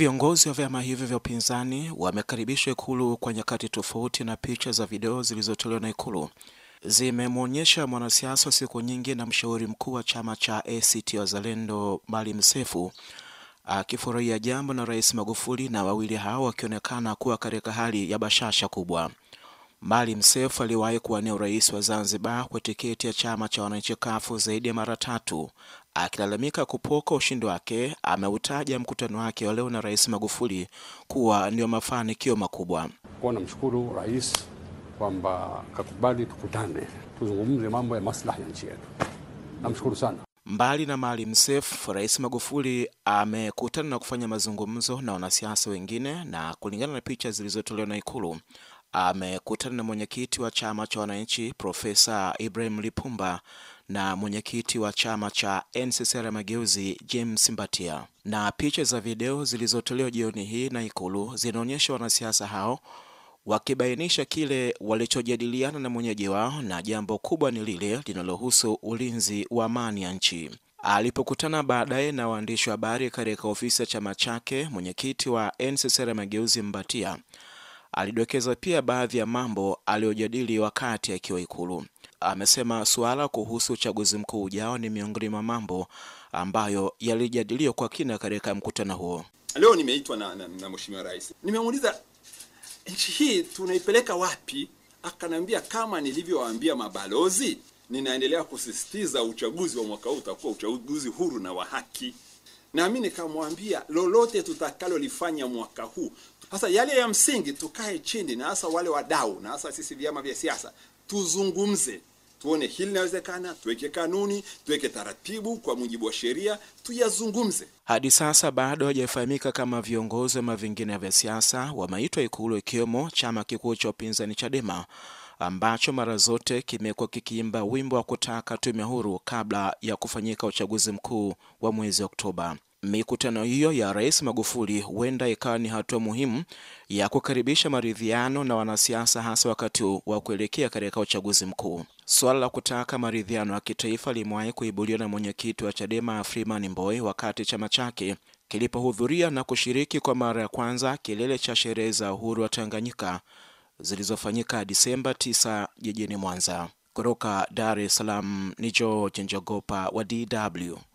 Viongozi wa vyama hivyo vya upinzani wamekaribishwa Ikulu kwa nyakati tofauti, na picha za video zilizotolewa na Ikulu zimemwonyesha mwanasiasa wa siku nyingi na mshauri mkuu wa chama cha ACT Wazalendo Maalim Seif akifurahia jambo na Rais Magufuli, na wawili hao wakionekana kuwa katika hali ya bashasha kubwa. Maalim Seif aliwahi kuwania urais wa Zanzibar kwa tiketi ya chama cha wananchi kafu zaidi ya mara tatu. Akilalamika kupoka ushindi wake, ameutaja mkutano wake wa leo na Rais Magufuli kuwa ndio mafanikio makubwa. Kwa namshukuru rais kwamba kakubali tukutane, tuzungumze mambo ya maslahi ya nchi yetu. Namshukuru sana. Mbali na Maalim Seif, Rais Magufuli amekutana na kufanya mazungumzo na wanasiasa wengine, na kulingana na picha zilizotolewa na Ikulu amekutana na mwenyekiti wa chama cha wananchi Profesa Ibrahim Lipumba na mwenyekiti wa chama cha NCCR Mageuzi James Mbatia, na picha za video zilizotolewa jioni hii na Ikulu zinaonyesha wanasiasa hao wakibainisha kile walichojadiliana na mwenyeji wao, na jambo kubwa ni lile linalohusu ulinzi wa amani ya nchi. Alipokutana baadaye na waandishi wa habari katika ofisi ya chama chake, mwenyekiti wa NCCR Mageuzi Mbatia Alidokeza pia baadhi ya mambo aliyojadili wakati akiwa Ikulu. Amesema suala kuhusu uchaguzi mkuu ujao ni miongoni mwa mambo ambayo yalijadiliwa kwa kina katika mkutano huo. Leo nimeitwa na, na, na Mheshimiwa Rais, nimemuuliza nchi hii tunaipeleka wapi? akanaambia kama nilivyowaambia mabalozi, ninaendelea kusisitiza uchaguzi wa mwaka huu utakuwa uchaguzi huru na wa haki. Nami nikamwambia lolote tutakalolifanya mwaka huu, hasa yale ya msingi, tukae chini na hasa wale wadau na hasa sisi vyama vya siasa, tuzungumze tuone hili linawezekana, tuweke kanuni, tuweke taratibu kwa mujibu wa sheria, tuyazungumze. Hadi sasa bado hajafahamika kama viongozi wa vyama vingine vya siasa wameitwa Ikulu, ikiwemo chama kikuu cha upinzani Chadema ambacho mara zote kimekuwa kikiimba wimbo wa kutaka tume huru kabla ya kufanyika uchaguzi mkuu wa mwezi Oktoba. Mikutano hiyo ya Rais Magufuli huenda ikawa ni hatua muhimu ya kukaribisha maridhiano na wanasiasa, hasa wakati wa kuelekea katika uchaguzi mkuu. Suala la kutaka maridhiano ya kitaifa limewahi kuibuliwa na mwenyekiti wa Chadema Freeman Mbowe wakati chama chake kilipohudhuria na kushiriki kwa mara ya kwanza kilele cha sherehe za uhuru wa Tanganyika zilizofanyika Disemba 9 jijini Mwanza. Kutoka Dar es Salaam ni George Njogopa wa DW.